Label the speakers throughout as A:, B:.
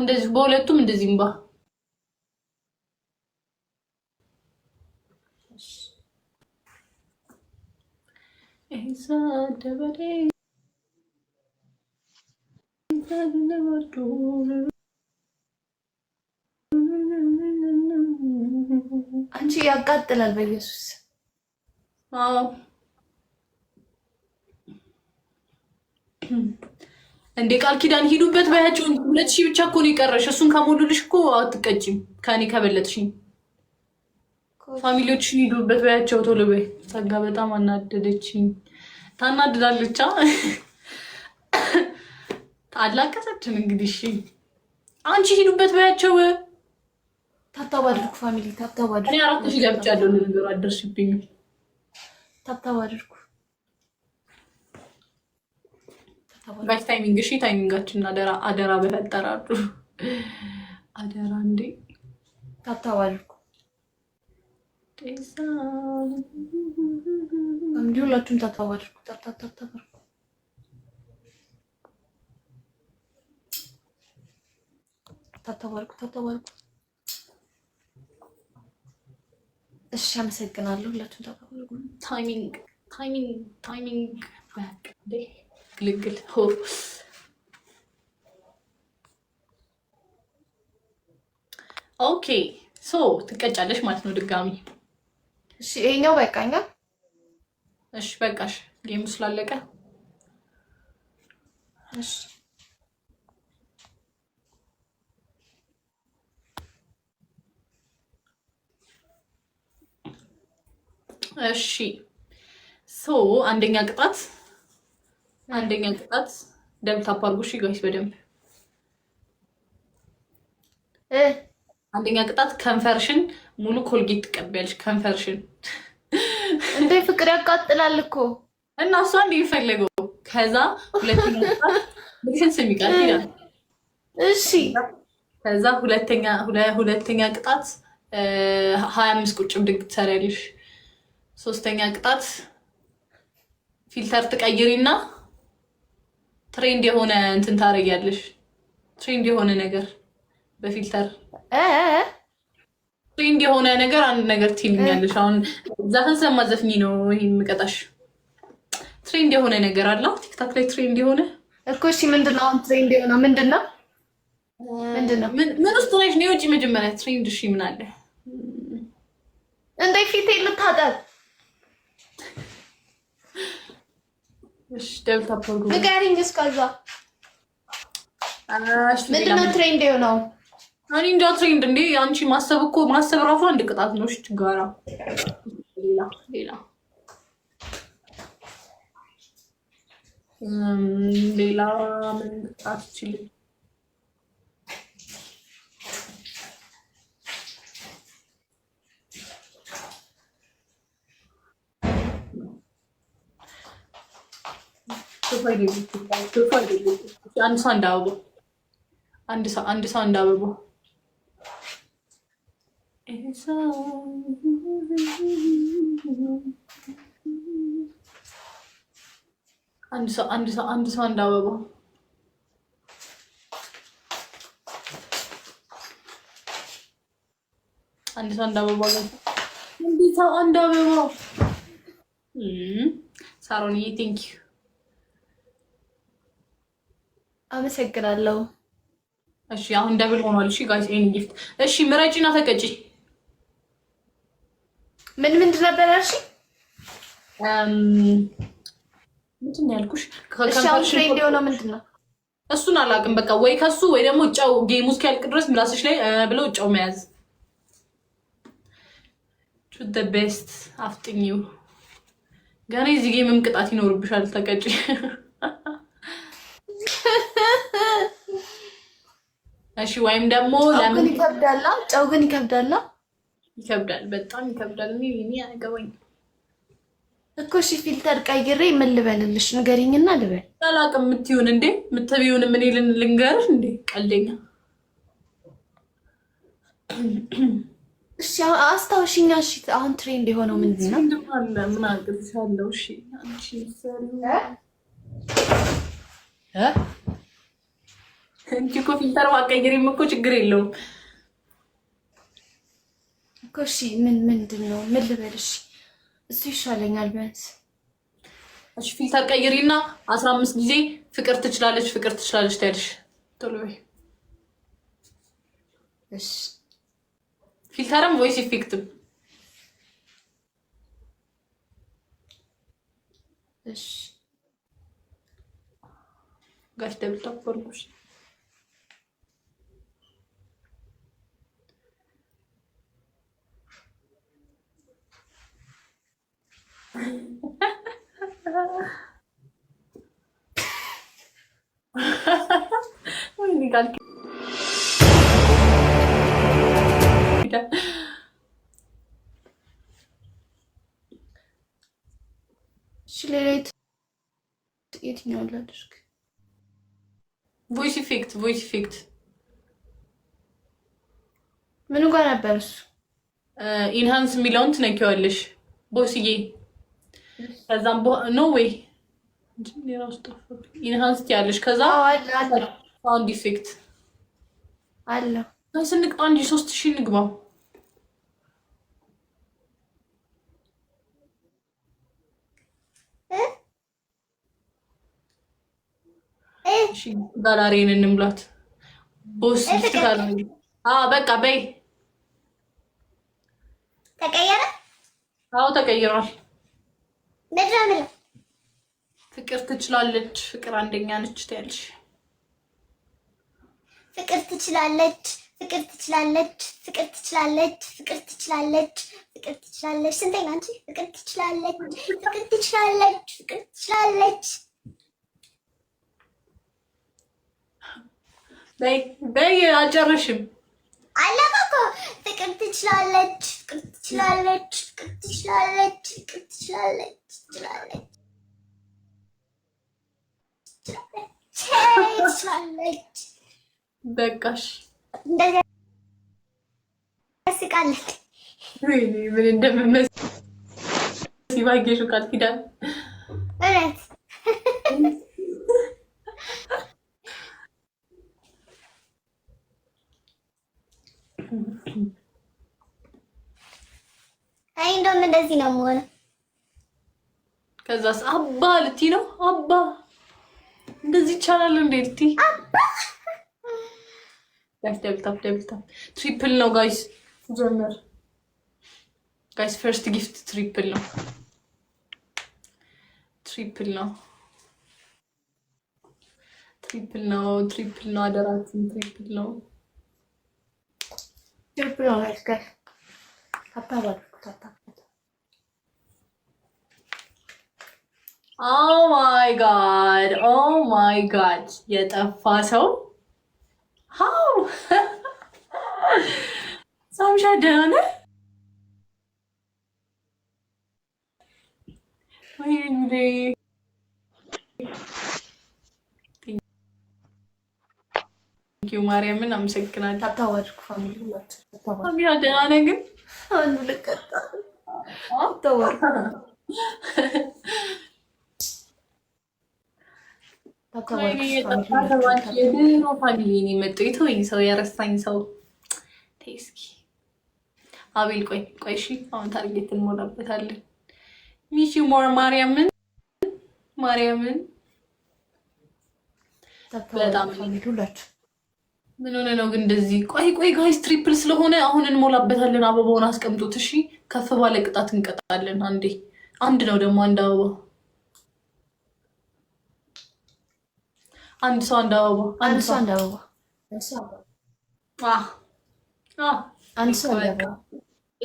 A: እንደዚህ በሁለቱም እንደዚህ እንባ አንቺ ያቃጥላል። በኢየሱስ አዎ እንዴ ቃል ኪዳን ሂዱበት በያቸው ሁለት ሺህ ብቻ እኮ ነው የቀረሽ። እሱን ከሞሉልሽ እኮ አትቀጭም ከኔ ከበለጥሽኝ። ፋሚሊዎችን ሂዱበት ባያቸው ቶሎ በይ። ጸጋ በጣም አናደደችኝ። ታናድዳለቻ ብቻ አላቀሰችን። እንግዲህ እሺ አንቺ ሂዱበት ባያቸው። ታብታብ አድርጉ ፋሚሊ ታብታብ አድርጉ። እኔ አራት ሺህ ጋር ብቻ ያለው ነገር አደርሽብኝ። ታብታብ አድርጉ ባች ታይሚንግ እሺ፣ ታይሚንጋችን አደራ አደራ፣ በፈጠራሉ አደራ። እንዴ ታታዋልኩ እንዲሁ ሁላችሁም ታብታባል ታብታባል ታታዋልኩ ታተባልኩ። እሺ አመሰግናለሁ። ሁላችሁም ታታዋልኩ ታይሚንግ ታይሚንግ ታይሚንግ እንዴ ግልግል ኦኬ ሶ ትቀጫለሽ ማለት ነው ድጋሚ እሺ ይሄኛው በቃኛ እሺ በቃሽ ጌም ስላለቀ እሺ እሺ ሶ አንደኛ ቅጣት አንደኛ ቅጣት ደም ታፕ እሺ ጋይስ በደንብ አንደኛ ቅጣት ከንፈርሽን ሙሉ ኮልጌት ትቀቢያለሽ። ከንፈርሽን እንደ ፍቅር ያቃጥላል እኮ እና እሷ እንደ የፈለገው ከዛ ሁለተኛ ቅጣት ስም ይቃል ይላል። እሺ ከዛ ሁለተኛ ሁለተኛ ቅጣት ሀያ አምስት ቁጭ ብድግ ትሰሪያለሽ። ሶስተኛ ቅጣት ፊልተር ትቀይሪና ትሬንድ የሆነ እንትን ታደርጊያለሽ። ትሬንድ የሆነ ነገር በፊልተር ትሬንድ የሆነ ነገር አንድ ነገር ትይልኛለሽ። አሁን ዛፈን ስለማዘፍኝ ነው ይሄን የምቀጣሽ። ትሬንድ የሆነ ነገር አለው ቲክታክ ላይ ትሬንድ የሆነ እኮ። እሺ ምንድን ነው አሁን ትሬንድ የሆነ ምንድን ነው? ምን ውስጥ ነሽ? ነው የውጭ መጀመሪያ ትሬንድ። እሺ ምን አለ እንደ ፊት ልታጠብ ንገሪኝ። እስከዛ ምንድን ነው ትሬንድ የሆነው? እኔ እንጃ ትሬንድ እንዴ! አንቺ ማሰብ እኮ ማሰብ ራሱ አንድ ቅጣት ነው። እሺ ችጋራ ሌላ ሌላ ሌላ ምን ቅጣት ይችላል? አንድ ሰው አንድ አበባ አንድ ሰው አንድ አበባ አንድ ሰው አንድ ሰው አንድ ሰው አንድ አበባ አንድ ሰው አንድ አበባ አንድ ሰው አንድ አበባ ሳሮንዬ ቴንኪዩ አመሰግናለሁ። እሺ አሁን ደብል ሆኗል። እሺ ጋይስ ይሄን ጊፍት እሺ ምረጪና ተቀጪ። ምን ምንድን ነበር እሺ እም ምንድን ነው ያልኩሽ? ትሬንድ የሆነው ምንድን ነው እሱን አላውቅም። በቃ ወይ ከሱ ወይ ደግሞ ጨው ጌሙ እስኪያልቅ ድረስ ምላስሽ ላይ ብለው ጨው መያዝ ቹት ቤስት አፍጥኝው። ገና እዚህ ጌምም ቅጣት ይኖርብሻል። ተቀጪ እሺ ወይም ደግሞ ለምን ይከብዳላ? ጨው ግን ይከብዳላ? ይከብዳል፣ በጣም ይከብዳል። እኔ እኔ አያገባኝ እኮ እሺ። ፊልተር ቀይሬ ምን ልበልልሽ ንገሪኝና ልበል። አላውቅም የምትይውን እንዴ የምትቢውን ምን ይልን ልንገር እንዴ ቀልደኛ። እሺ አስታውሽኛ። እሺ አሁን ትሬንድ የሆነው ምንድን ነው? ምን አገዝሻለሁ? እሺ አንቺ ሰሪ እንጂ እኮ ፊልተር ማቀየሪም እኮ ችግር የለውም እኮ። እሺ ምን ምንድን ነው ምን ልበልሽ? እሱ ይሻለኛል ቢያንስ። እሺ ፊልተር ቀይሪና አስራ አምስት ጊዜ ፍቅር ትችላለች፣ ፍቅር ትችላለች ትያለሽ። ቶሎ በይ እሺ። ፊልተርም ቮይስ ኢፌክትም እሺ Gösterip vurmuş. Muy legal. Mira. Şilere yetmiyorlar ቡሽፊክት ቡሽፊክት ምኑ ጋር ነበር እሱ? ኢንሃንስ የሚለውን ትነኪዋለሽ ቦስዬ። ከዛም ኖ ወይ ኢንሃንስ ትያለሽ። ከዛ ሳውንድ ኢፌክት አለ። ስንግባ እንጂ ሶስት ሺህ ንግባው ዳላሬን እንምላት። ቦስ ይችላል። አዎ በቃ በይ። ተቀየረ። አዎ ተቀይሯል። ፍቅር ትችላለች፣ ፍቅር አንደኛ ነች ትያለሽ። ፍቅር ትችላለች፣ ፍቅር ትችላለች፣ ፍቅር ትችላለች፣ ፍቅር ትችላለች፣ ፍቅር ትችላለች። ስንተኛ አንቺ? ፍቅር ትችላለች፣ ፍቅር ትችላለች፣ ፍቅር ትችላለች በይ አልጨረሽም። አለቀ እኮ ፍቅር ትችላለች፣ ፍቅር ትችላለች፣ ፍቅር ትችላለች፣ ፍቅር ትችላለች፣ ትችላለች፣ ትችላለች። በቃሽ ስቃለች። ምን እንደምመስል ባየሽው ቃል ኪዳን እውነት አይ እንደውም እንደዚህ ነው የምሆነው። ከዛስ አባ ልቲ ነው? አባ እንደዚህ ይቻላል እንዴ ልትይ ደብልታፕ ደብልታፕ ትሪፕል ነው ጋይስ ጀመር ጋይስ ፈርስት ጊፍት ትሪፕል ነው ትሪፕል ነው ትሪፕል ነው ትሪፕል ነው አደራችን ትሪፕል ነው yapıyor arkadaşlar. Hatta Oh my god. Oh my god. How? ሰው ሃው ሳምሻ ደህና ነህ? ወይኔ ዩ ማርያምን አመሰግናለሁ። አታዋርኩ ፋሚሊ ፋሚሊ ደህና ነህ? ግን አንዱ ልቀጣ የድሮ ፋሚሊ ነው የመጣው። የተወኝ ሰው ያረሳኝ ሰው ተይ አቤል ቆይ ቆይ፣ እሺ አሁን ታርጌት እንሞላበታለን። ሚሺ ሞር ማርያምን ማርያምን በጣም ሁላችሁ ምን ሆነ ነው ግን እንደዚህ? ቆይ ቆይ ጋይስ ትሪፕል ስለሆነ አሁን እንሞላበታለን። አበባውን አስቀምጡት እሺ። ከፍ ባለ ቅጣት እንቀጣለን። አንዴ አንድ ነው ደግሞ አንድ አበባ አንድ ሰው አንድ አበባ አንድ ሰው አንድ አበባ አንድ ሰው አንድ አበባ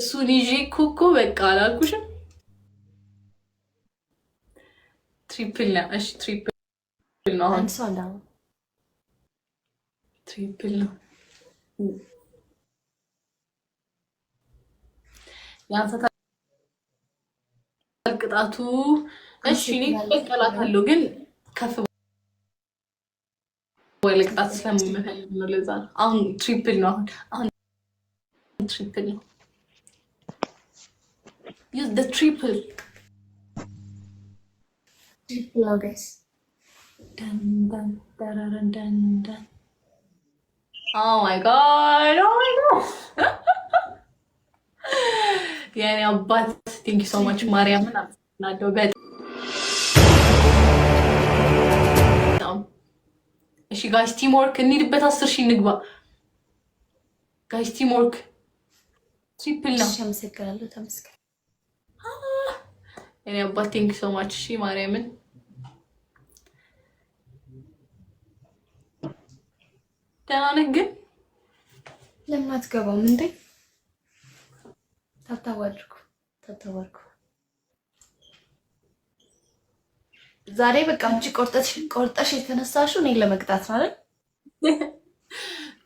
A: እሱ ይዤ እኮ በቃ አላልኩሽም? ትሪፕል ነው። እሺ ትሪፕል ነው አሁን Tüpel. Uh. ቅጣቱ እሺ፣ እኔ እቀበላታለሁ፣ ግን ከፍ ወይ ለቅጣት ስለምፈልግ ነው። ለዛ አሁን ትሪፕል ነው። አሁን አሁን ትሪፕል ነው። ዩዝ ዘ ትሪፕል ትሪፕል ኦገስ ደን ደን ደረረን ደን ደን ኦ ማይ ጋድ ኦ ማይ ጋድ የኔ አባት ቴንክ ዩ ሶ ማች ማርያምን አመሰግናለሁ። በጣም እሺ ጋይስ ቲም ወርክ እንሂድበት። አስር ሺህ እንግባ ጋይስ ቲም ወርክ ትሪፕል ነው። አመሰግናለሁ። ተመስገን የኔ አባት ቴንክ ዩ ሶ ማች። እሺ ማርያምን ደህና ነህ ግን ለምን አትገባም እንዴ? ታታዋልኩ ታታዋልኩ። ዛሬ በቃ አንቺ ቆርጠሽ ቆርጠሽ የተነሳሽው እኔን ለመቅጣት ነው አይደል?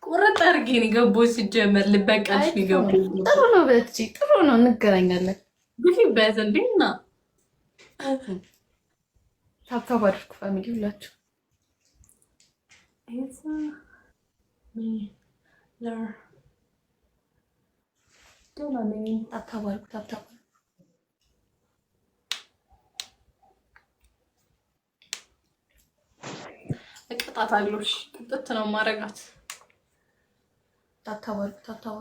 A: ቁርጥ አድርጌ ነው የገባሁት። ሲጀመር ልበቃሽ ነው የገባሁት። ጥሩ ነው በእጅ ጥሩ ነው። እንገናኛለን ግፊበት እንዴና ታታዋልኩ ፋሚሊ ሁላችሁ ሚለር ቶሎ ነኝ ታብታብ አድርጉ እቅጣት አለሽ ጥጥት ነው ማረጋት ታብታብ አድርጉ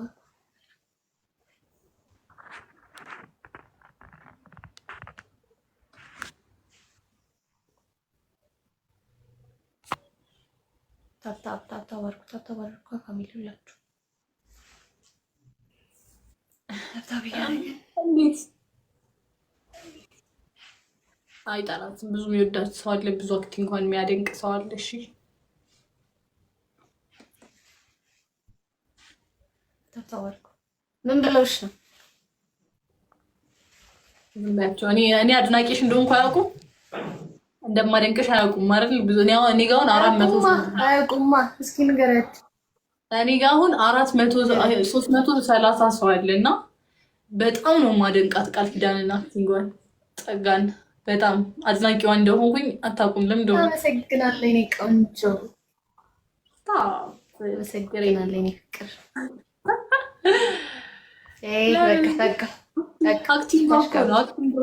A: ታብታብ ታብታብ አድርጉ ታብታብ አድርጉ ፋሚሊ ሁላችሁ አይጠላትም። ብዙ የሚወዳት ሰው አለ፣ ብዙ ወቅት እንኳን የሚያደንቅ ሰው አለ። እሺ ታብታብ ምን ብለውሽ ነው? ዝም በያቸው። እኔ አድናቂሽ እንደሆንኩ አያውቁም። እንደማደንቀሽ አያውቁም አይደል? ብዙ እኔ ጋር አሁን አራት መቶ አያውቁማ። እስኪ ንገሪያቸው። እኔ ጋር አሁን አራት መቶ ሶስት መቶ ሰላሳ ሰው አለ እና በጣም ነው ማደንቃት ቃል ኪዳንና አክቲንጓን ጸጋን በጣም አድናቂዋ እንደሆንኩኝ አታውቁም። ለምደ አመሰግናለሁ የእኔ ቆንጆ አመሰግናለሁ የእኔ ፍቅር። አክቲንግ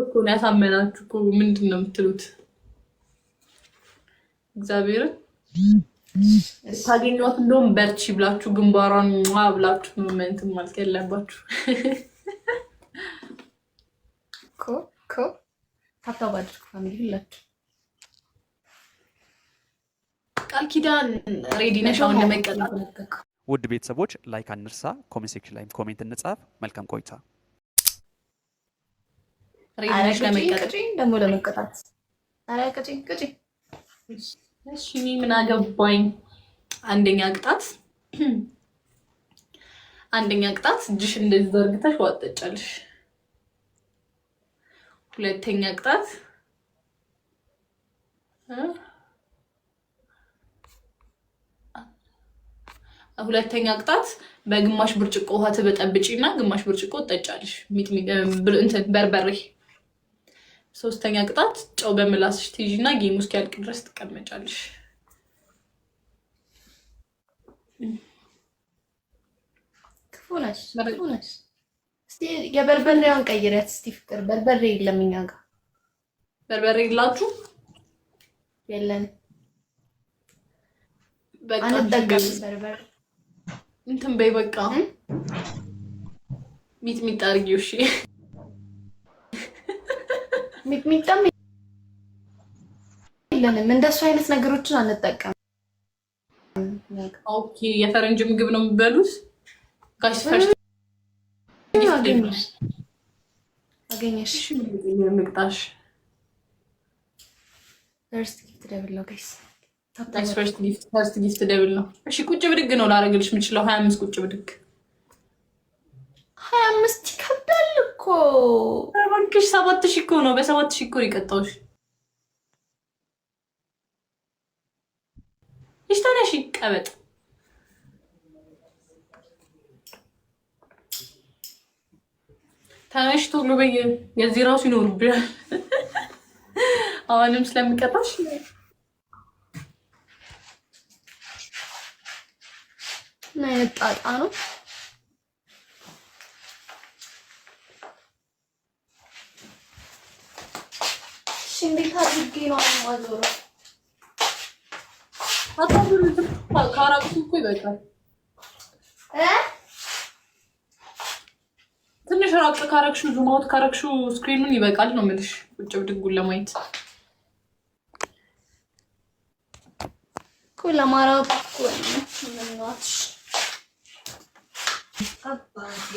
A: እኮ ነው ያሳመናችሁ። ምንድን ነው የምትሉት? እግዚአብሔርን ታገኟት። እንደውም በርቺ ብላችሁ ግንባሯን ብላችሁ ምመንት ማለት የለባችሁ ሁላችሁ ቃል ኪዳን ሬዲ ነሽ አሁን ለመቀጣት።
B: ውድ ቤተሰቦች ላይክ አንርሳ፣ ኮሜንት ሴክሽን ላይ ኮሜንት እንጻፍ። መልካም ቆይታ።
A: ደግሞ ለመቀጣት እሺ እኔ ምን አገባኝ። አንደኛ ቅጣት አንደኛ ቅጣት እጅሽ እንደዚህ ዘርግተሽ ዋጠጫልሽ። ሁለተኛ ቅጣት ሁለተኛ ቅጣት በግማሽ ብርጭቆ ውሃ ትበጠብጪ እና ግማሽ ብርጭቆ ትጠጫለሽ። በርበሬ ሶስተኛ ቅጣት ጨው በምላስሽ ትይዥ እና ጌሙ እስኪያልቅ ድረስ ትቀመጫለሽ። ክፉ ነሽ፣ ክፉ የበርበሬዋን ቀይሪያት እስኪ ፍቅር። በርበሬ የለም እኛ ጋር በርበሬ የላችሁ? የለን፣ እንትን በይ በቃ ሚጥሚጣ አድርጊው እሺ። ሚጣም የለንም። እንደሱ አይነት ነገሮችን አንጠቀም። ኦኬ፣ የፈረንጅ ምግብ ነው የሚበሉት። ጋሽ አገኘሽ ፈርስት ጊፍት ደብል ነው ፈርስት ጊፍት እሺ ቁጭ ብድግ ነው ላረግልሽ የምችለው ሀያ አምስት ቁጭ ብድግ ሀያ አምስት እኮ ባንክሽ ሰባት ሺህ እኮ ነው። በሰባት ሺህ እኮ የቀጣሁሽ ይሽታነሽ ቀበጥ ተመሽቶ ሁሉ በየ የዚህ ራሱ ይኖሩብሻል። አሁንም ስለሚቀጣሽ ምን አይነት ነው? ይበቃል። ትንሽ ራቅ ካረግሹ ዙማውት ካረግሹ ስክሪኑን ይበቃል ነው የምልሽ፣ ውጭ ብድጉን ለማየት እኮ ለማራወጥ እኮ ምንዋትሽ አባቴ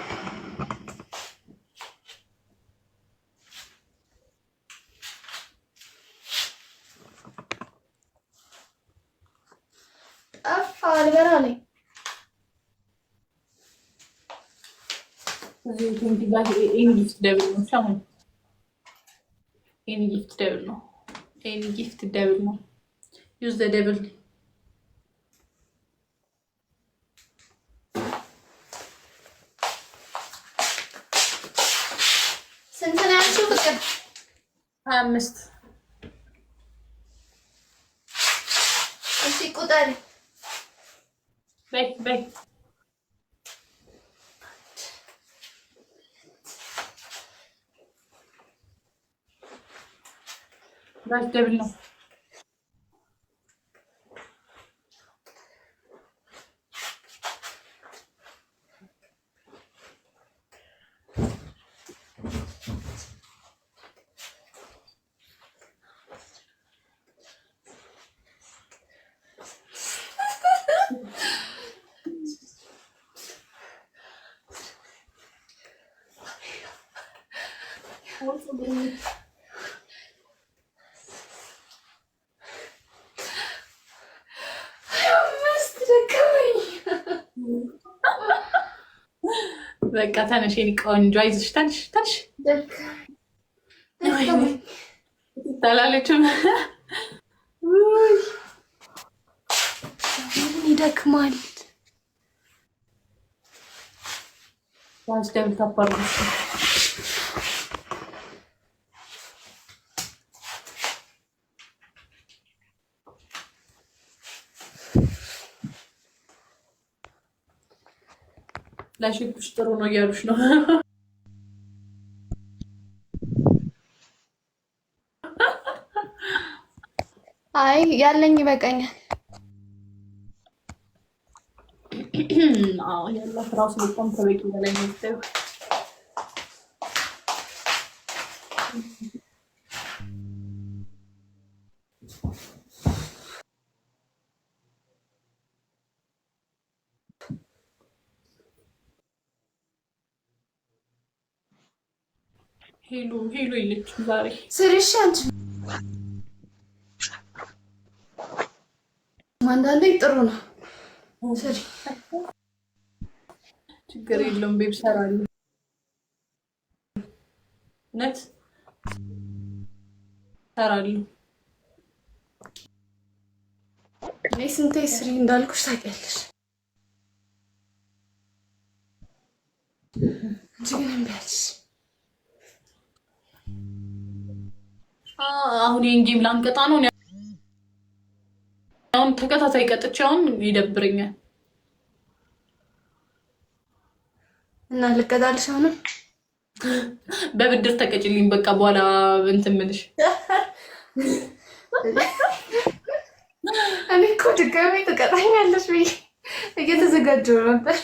A: Alberale. Çünkü ben e, en gift devrim tamam. En gift devrim. En gift mi? Yüzde devrim. ስንት ናቸው? ፍቅር ሀያ አምስት። እስኪ ቁጠሪ Bek bek. Bek de bilmem. በቃ ተነሽ የእኔ ቆንጆ፣ አይዞሽ። ተነሽ ተነሽ። ታላለችም ይደክማል። ዋስ ደብል ታባርጉ ላሽኩሽ ጥሩ ነው እያሉሽ ነው። አይ ያለኝ ይበቃኛል። አዎ ያላት ራሱ በጣም በላይ ነው። ሄሎ ሄሎ የለችም ዛሬ ስርሽ አንቺ አንዳንዴ ጥሩ ነው። ችግር የለውም። ቤብ ሰራለሁ። እውነት ሰራለሁ። እኔ ስንቴ ስሪ እንዳልኩሽ ታውቂያለሽ። አንቺ ግን እምቢ አለሽ። አሁን ይህን ጌም ላንቀጣ ነው። አሁን ተከታታይ ቀጥቼ አሁን ይደብረኛል እና ልቀጣልሽ። አሁንም በብድር ተቀጭልኝ በቃ በኋላ እንትን የምልሽ እኔ እኮ ድጋሜ ትቀጣኛለሽ ብዬ እየተዘጋጀሁ ነበር።